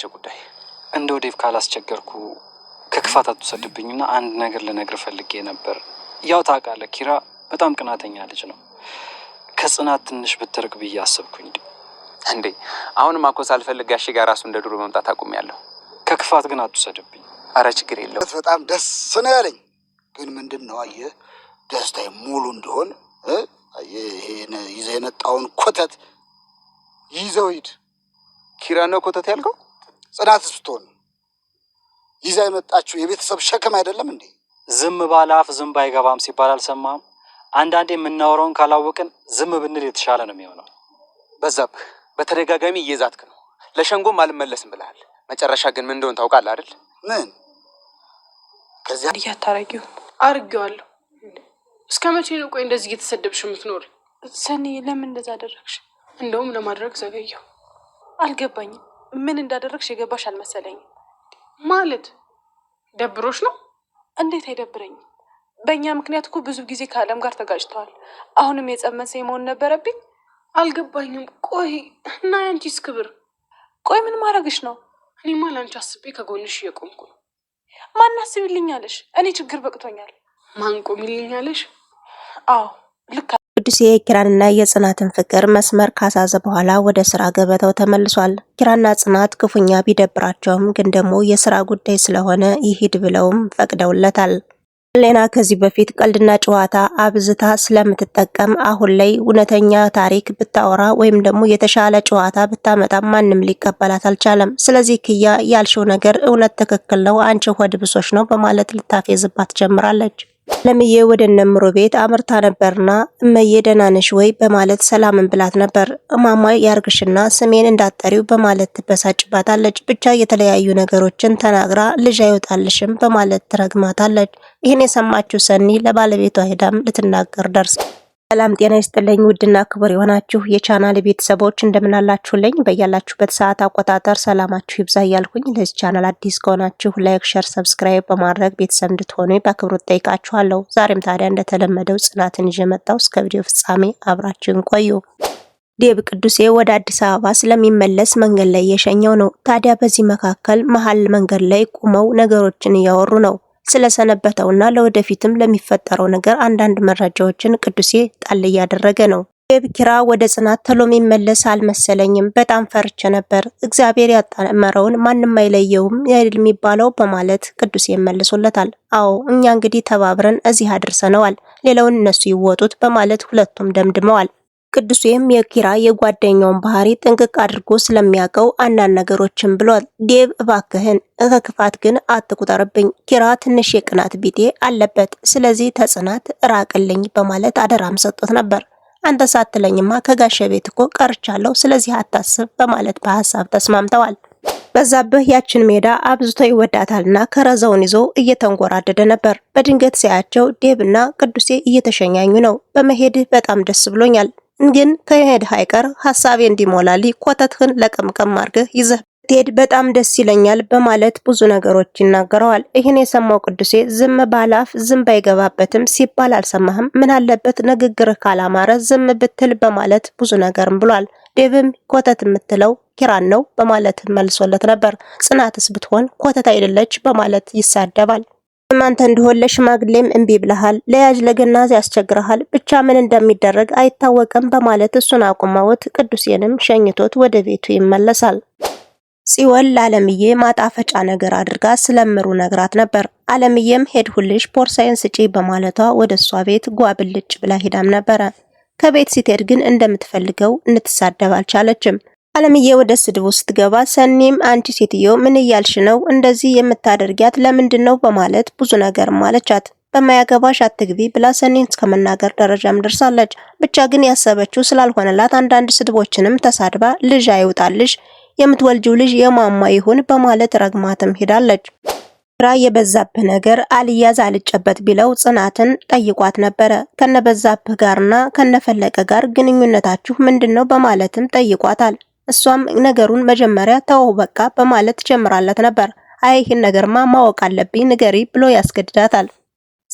ቸው ጉዳይ እንደ ወዴቭ ካላስቸገርኩ ከክፋት አትውሰድብኝና አንድ ነገር ልነግር ፈልጌ ነበር። ያው ታውቃለህ ኪራ በጣም ቅናተኛ ልጅ ነው። ከጽናት ትንሽ ብትርቅ ብዬ አሰብኩኝ። እንዴ አሁንም አኮ ሳልፈልግ ጋሽ ጋር ራሱ እንደ ድሮ መምጣት አቁሜያለሁ። ከክፋት ግን አትውሰድብኝ። አረ ችግር የለው። በጣም ደስ ነው ያለኝ። ግን ምንድን ነው አየህ፣ ደስታ ሙሉ እንደሆን ይሄን ይዘህ የመጣውን ኮተት ይዘው ሂድ። ኪራ ነው ኮተት ያልከው? ጽናት ስትሆን ይዛ የመጣችው የቤተሰብ ሸክም አይደለም እንዴ? ዝም ባለ አፍ ዝም አይገባም ሲባል አልሰማም? አንዳንዴ የምናወራውን ካላወቅን ዝም ብንል የተሻለ ነው የሚሆነው። በዛብህ በተደጋጋሚ እየዛትክ ነው። ለሸንጎም አልመለስም ብለሃል። መጨረሻ ግን ምን እንደሆን ታውቃለህ አይደል? ምን ከዚያ እያታረጊው አርጌዋለሁ። እስከ መቼ ነው ቆይ እንደዚህ እየተሰደብሽ የምትኖር? ሰኒ ለምን እንደዛ አደረግሽ? እንደውም ለማድረግ ዘገየው። አልገባኝም ምን እንዳደረግሽ የገባሽ አልመሰለኝም። ማለት ደብሮሽ ነው? እንዴት አይደብረኝም? በእኛ ምክንያት እኮ ብዙ ጊዜ ከአለም ጋር ተጋጭተዋል። አሁንም የጸመሰኝ መሆን ነበረብኝ። አልገባኝም። ቆይ እና ያንቺስ ክብር? ቆይ ምን ማድረግሽ ነው? እኔማ ለአንቺ አስቤ ከጎንሽ እየቆምኩ ነው። ማን አስቢልኛለሽ? እኔ ችግር በቅቶኛል። ማን ቆሚልኛለሽ? አዎ ልክ ቅዱስ የኪራንና የጽናትን ፍቅር መስመር ካሳዘ በኋላ ወደ ስራ ገበታው ተመልሷል። ኪራና ጽናት ክፉኛ ቢደብራቸውም ግን ደግሞ የስራ ጉዳይ ስለሆነ ይሂድ ብለውም ፈቅደውለታል። ሌና ከዚህ በፊት ቀልድና ጨዋታ አብዝታ ስለምትጠቀም አሁን ላይ እውነተኛ ታሪክ ብታወራ ወይም ደግሞ የተሻለ ጨዋታ ብታመጣ ማንም ሊቀበላት አልቻለም። ስለዚህ ክያ ያልሽው ነገር እውነት ትክክል ነው፣ አንቺ ሆድ ብሶች ነው በማለት ልታፌዝባት ጀምራለች። ለምዬ ወደ እነምሮ ቤት አምርታ ነበርና እመዬ ደህና ነሽ ወይ በማለት ሰላምን ብላት ነበር። እማማ ያርግሽና ስሜን እንዳጠሪው በማለት ትበሳጭባታለች። ብቻ የተለያዩ ነገሮችን ተናግራ ልጅ አይወጣልሽም በማለት ትረግማታለች። ይህን የሰማችው ሰኒ ለባለቤቷ ሄዳም ልትናገር ደርሳ። ሰላም ጤና ይስጥልኝ ውድና ክቡር የሆናችሁ የቻናል ቤተሰቦች እንደምናላችሁልኝ በያላችሁበት ሰዓት አቆጣጠር ሰላማችሁ ይብዛ እያልኩኝ ለዚህ ቻናል አዲስ ከሆናችሁ ላይክ፣ ሸር፣ ሰብስክራይብ በማድረግ ቤተሰብ እንድትሆኑ በክብሩ ጠይቃችኋለሁ። ዛሬም ታዲያ እንደተለመደው ጽናትን ይዤ መጣሁ። እስከ ቪዲዮ ፍጻሜ አብራችን ቆዩ። ዴብ ቅዱሴ ወደ አዲስ አበባ ስለሚመለስ መንገድ ላይ እየሸኘው ነው። ታዲያ በዚህ መካከል መሀል መንገድ ላይ ቁመው ነገሮችን እያወሩ ነው። ስለሰነበተውና ለወደፊትም ለሚፈጠረው ነገር አንዳንድ መረጃዎችን ቅዱሴ ጣል እያደረገ ነው። የብኪራ ወደ ጽናት ተሎም ይመለስ አልመሰለኝም። በጣም ፈርቼ ነበር። እግዚአብሔር ያጣመረውን ማንም አይለየውም የሚባለው በማለት ቅዱሴ ይመልሶለታል። አዎ እኛ እንግዲህ ተባብረን እዚህ አድርሰነዋል፣ ሌላውን እነሱ ይወጡት በማለት ሁለቱም ደምድመዋል። ቅዱሴም የኪራ የጓደኛውን ባህሪ ጥንቅቅ አድርጎ ስለሚያውቀው አንዳንድ ነገሮችን ብሏል። ዴቭ እባክህን ከክፋት ግን አትቁጠርብኝ፣ ኪራ ትንሽ የቅናት ቢጤ አለበት፣ ስለዚህ ተጽናት ራቅልኝ በማለት አደራም ሰጥቶት ነበር። አንተ ሳትለኝማ ከጋሸ ቤት እኮ ቀርቻለሁ፣ ስለዚህ አታስብ በማለት በሀሳብ ተስማምተዋል። በዛብህ ያችን ሜዳ አብዝቶ ይወዳታልና ከረዘውን ይዞ እየተንጎራደደ ነበር። በድንገት ሲያቸው ዴብና ቅዱሴ እየተሸኛኙ ነው። በመሄድህ በጣም ደስ ብሎኛል። ግን ከሄድ ሃይቀር ሀሳቤ እንዲሞላልኝ ኮተትህን ለቀምቀም አድርገህ ይዘህ ብትሄድ በጣም ደስ ይለኛል በማለት ብዙ ነገሮች ይናገረዋል። ይህን የሰማው ቅዱሴ ዝም ባላፍ ዝም ባይገባበትም ሲባል አልሰማህም፣ ምን አለበት ንግግር ካላማረ ዝም ብትል በማለት ብዙ ነገርም ብሏል። ዴብም ኮተት የምትለው ኪራን ነው በማለት መልሶለት ነበር። ጽናትስ ብትሆን ኮተት አይደለች በማለት ይሳደባል። አንተ እንደሆን ለሽማግሌም እምቢ ብለሃል፣ ለያዥ ለገናዝ ያስቸግረሃል፣ ብቻ ምን እንደሚደረግ አይታወቅም በማለት እሱን አቁመውት ቅዱሴንም ሸኝቶት ወደ ቤቱ ይመለሳል። ጽዮን ለአለምዬ ማጣፈጫ ነገር አድርጋ ስለምሩ ነግራት ነበር። አለምዬም ሄድሁልሽ ቦርሳዬን ስጪ በማለቷ ወደ እሷ ቤት ጓብልጭ ብላ ሄዳም ነበረ። ከቤት ስትሄድ ግን እንደምትፈልገው እንትሳደብ አልቻለችም። አለምዬ ወደ ውስጥ ስትገባ ሰኒም አንቺ ሴትዮ ምን እያልሽ ነው? እንደዚህ የምታደርጊያት ለምንድን ነው? በማለት ብዙ ነገር ማለቻት። በማያገባሽ አትግቢ ብላ ሰኒን እስከመናገር ደረጃም ደርሳለች። ብቻ ግን ያሰበችው ስላልሆነላት አንዳንድ ስድቦችንም ተሳድባ ልጅ አይውጣልሽ፣ የምትወልጂው ልጅ የማማ ይሁን በማለት ረግማትም ሄዳለች። ግራ የበዛብህ ነገር አልያዝ አልጨበት ቢለው ጽናትን ጠይቋት ነበረ። ከነበዛብህ ጋርና ከነፈለቀ ጋር ግንኙነታችሁ ምንድን ነው በማለትም ጠይቋታል። እሷም ነገሩን መጀመሪያ ተው በቃ በማለት ጀምራለት ነበር። አይ ይህን ነገርማ ማወቅ አለብኝ ንገሪ ብሎ ያስገድዳታል።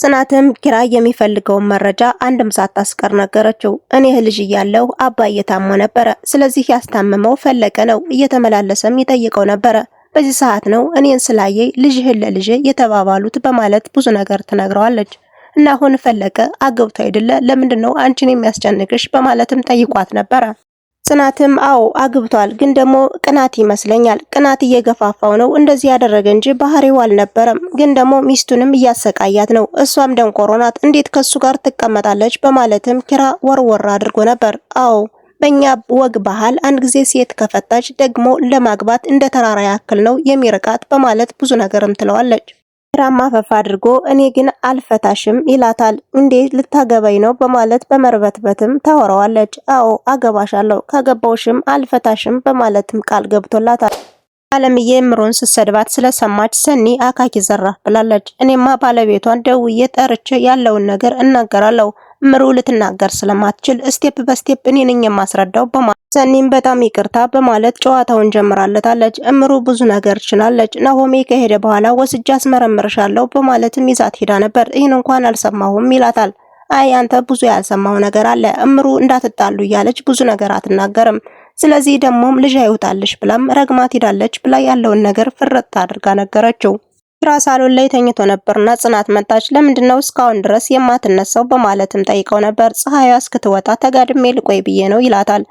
ጽናትም ኪራ የሚፈልገውን መረጃ አንድም ሳታስቀር ነገረችው። እኔ ልጅ እያለሁ አባዬ ታሞ ነበረ። ስለዚህ ያስታመመው ፈለቀ ነው። እየተመላለሰም ይጠይቀው ነበረ። በዚህ ሰዓት ነው እኔን ስላየ ልጅህን ለልጅ የተባባሉት በማለት ብዙ ነገር ትነግረዋለች። እና አሁን ፈለቀ አገብቶ አይደለ ለምንድን ነው አንቺን የሚያስጨንቅሽ በማለትም ጠይቋት ነበረ። ጽናትም አዎ አግብቷል፣ ግን ደግሞ ቅናት ይመስለኛል። ቅናት እየገፋፋው ነው እንደዚህ ያደረገ እንጂ ባህሪው አልነበረም። ግን ደግሞ ሚስቱንም እያሰቃያት ነው። እሷም ደንቆሮ ናት፣ እንዴት ከሱ ጋር ትቀመጣለች? በማለትም ኪራ ወርወር አድርጎ ነበር። አዎ በእኛ ወግ ባህል አንድ ጊዜ ሴት ከፈታች ደግሞ ለማግባት እንደ ተራራ ያክል ነው የሚርቃት በማለት ብዙ ነገርም ትለዋለች። ወፍራም አፈፍ አድርጎ እኔ ግን አልፈታሽም ይላታል። እንዴ ልታገባኝ ነው በማለት በመርበትበትም ታወራዋለች። አዎ አገባሻለሁ፣ ካገባውሽም አልፈታሽም በማለትም ቃል ገብቶላታል። አለምዬ ምሮን ስትሰድባት ስለሰማች ሰኒ አካኪ ዘራፍ ብላለች። እኔማ ባለቤቷን ደውዬ ጠርቼ ያለውን ነገር እናገራለሁ ምሩ ልትናገር ስለማትችል ስቴፕ በስቴፕ እኔ ነኝ የማስረዳው በማለት ሰኒም በጣም ይቅርታ በማለት ጨዋታውን ጀምራለታለች። እምሩ ብዙ ነገር ችላለች። ናሆሜ ከሄደ በኋላ ወስጄ አስመረምርሻለሁ በማለትም ይዛት ሄዳ ነበር። ይህን እንኳን አልሰማሁም ይላታል። አይ አንተ ብዙ ያልሰማው ነገር አለ። እምሩ እንዳትጣሉ እያለች ብዙ ነገር አትናገርም። ስለዚህ ደግሞም ልጅ አይውጣልሽ ብላም ረግማት ሄዳለች ብላ ያለውን ነገር ፍርጥ አድርጋ ነገረችው። ኪራ ሳሎን ላይ ተኝቶ ነበርና ጽናት መጣች። ለምንድነው እስካሁን ድረስ የማትነሳው በማለትም ጠይቀው ነበር። ፀሐይ እስክትወጣ ተጋድሜ ልቆይ ብዬ ነው ይላታል።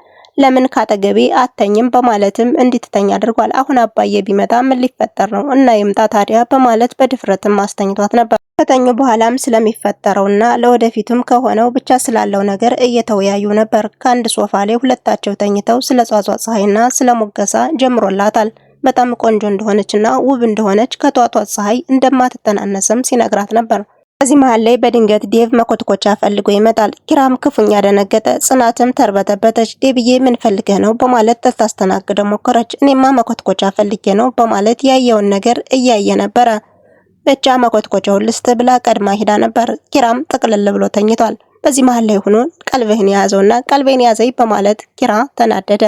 ለምን ካጠገቤ አተኝም በማለትም እንድትተኛ አድርጓል። አሁን አባዬ ቢመጣ ምን ሊፈጠር ነው እና ይምጣ ታዲያ በማለት በድፍረትም አስተኝቷት ነበር። ከተኙ በኋላም ስለሚፈጠረውና ለወደፊቱም ከሆነው ብቻ ስላለው ነገር እየተወያዩ ነበር። ከአንድ ሶፋ ላይ ሁለታቸው ተኝተው ስለ ጿጿ ፀሐይና ስለ ሙገሳ ጀምሮላታል። በጣም ቆንጆ እንደሆነችና ውብ እንደሆነች ከጧቷ ፀሐይ እንደማትተናነስም ሲነግራት ነበር። በዚህ መሃል ላይ በድንገት ዴቭ መኮትኮቻ ፈልጎ ይመጣል። ኪራም ክፉኛ ደነገጠ። ጽናትም ተርበተበተች። ዴብዬ ምን ፈልገህ ነው በማለት ልታስተናግደው ሞከረች። እኔማ መኮትኮቻ ፈልጌ ነው በማለት ያየውን ነገር እያየ ነበረ። ብቻ መኮትኮቻውን ልስት ብላ ቀድማ ሂዳ ነበር። ኪራም ጥቅልል ብሎ ተኝቷል። በዚህ መሃል ላይ ሆኖ ቀልብህን የያዘውና ቀልቤን የያዘኝ በማለት ኪራ ተናደደ።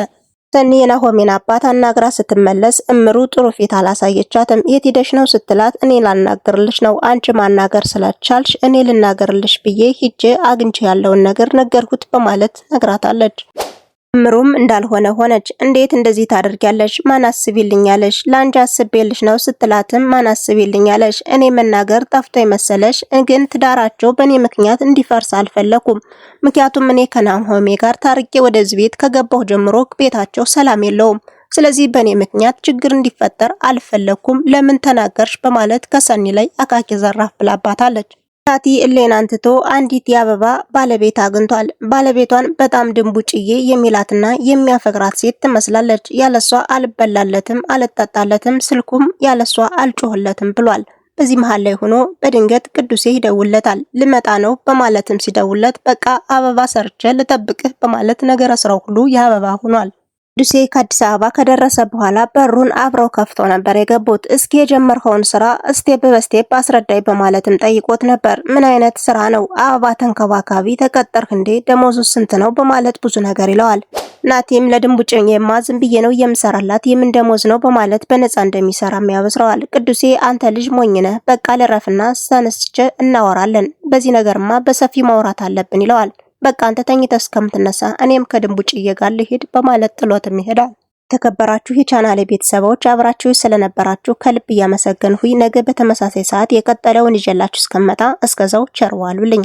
ሰኒ የናሆሜን አባት አናግራ ስትመለስ እምሩ ጥሩ ፊት አላሳየቻትም። የት ሂደሽ ነው ስትላት እኔ ላናገርልሽ ነው፣ አንቺ ማናገር ስላልቻልሽ እኔ ልናገርልሽ ብዬ ሂጄ አግኝቼ ያለውን ነገር ነገርኩት በማለት ነግራታለች። ምሩም እንዳልሆነ ሆነች። እንዴት እንደዚህ ታደርጊያለሽ? ማን አስቢልኛለሽ? ለአንቺ አስቤልሽ ነው ስትላትም ማን አስቢልኛለሽ? እኔ መናገር ጠፍቶ መሰለሽ? ግን ትዳራቸው በእኔ ምክንያት እንዲፈርስ አልፈለኩም። ምክንያቱም እኔ ከናሆሜ ጋር ታርቄ ወደዚህ ቤት ከገባሁ ጀምሮ ቤታቸው ሰላም የለውም። ስለዚህ በእኔ ምክንያት ችግር እንዲፈጠር አልፈለኩም። ለምን ተናገርሽ? በማለት ከሰኒ ላይ አቃቂ ዘራፍ ብላባታለች። ታቲ እሌናን ትቶ አንዲት የአበባ ባለቤት አግኝቷል። ባለቤቷን በጣም ድንቡጭዬ የሚላትና የሚያፈቅራት ሴት ትመስላለች። ያለሷ አልበላለትም፣ አልጠጣለትም፣ ስልኩም ያለሷ አልጮህለትም ብሏል። በዚህ መሃል ላይ ሆኖ በድንገት ቅዱሴ ይደውለታል። ልመጣ ነው በማለትም ሲደውለት በቃ አበባ ሰርቼ ልጠብቅህ በማለት ነገረ ስራው ሁሉ የአበባ ሆኗል። ቅዱሴ ከአዲስ አበባ ከደረሰ በኋላ በሩን አብረው ከፍቶ ነበር የገቡት። እስኪ የጀመርከውን ስራ ስቴፕ በስቴፕ አስረዳይ በማለትም ጠይቆት ነበር። ምን አይነት ስራ ነው? አበባ ተንከባካቢ ተቀጠርክ እንዴ? ደሞዙ ስንት ነው? በማለት ብዙ ነገር ይለዋል። ናቲም ለድንቡጭኔማ ዝም ብዬ ነው የምሰራላት የምን ደሞዝ ነው በማለት በነፃ እንደሚሰራም ያበስረዋል። ቅዱሴ አንተ ልጅ ሞኝነ በቃ ልረፍና ተነስቼ እናወራለን፣ በዚህ ነገርማ በሰፊ ማውራት አለብን ይለዋል። በቃ አንተ ተኝተህ እስከምትነሳ እኔም ከድንቡጭዬ ጋር ልሂድ በማለት ጥሎትም ይሄዳል። የተከበራችሁ የቻናሌ ቤተሰቦች አብራችሁ ስለነበራችሁ ከልብ እያመሰገንሁኝ ነገ በተመሳሳይ ሰዓት የቀጠለውን ይዤላችሁ እስከመጣ እስከዛው ቸር ዋሉልኝ።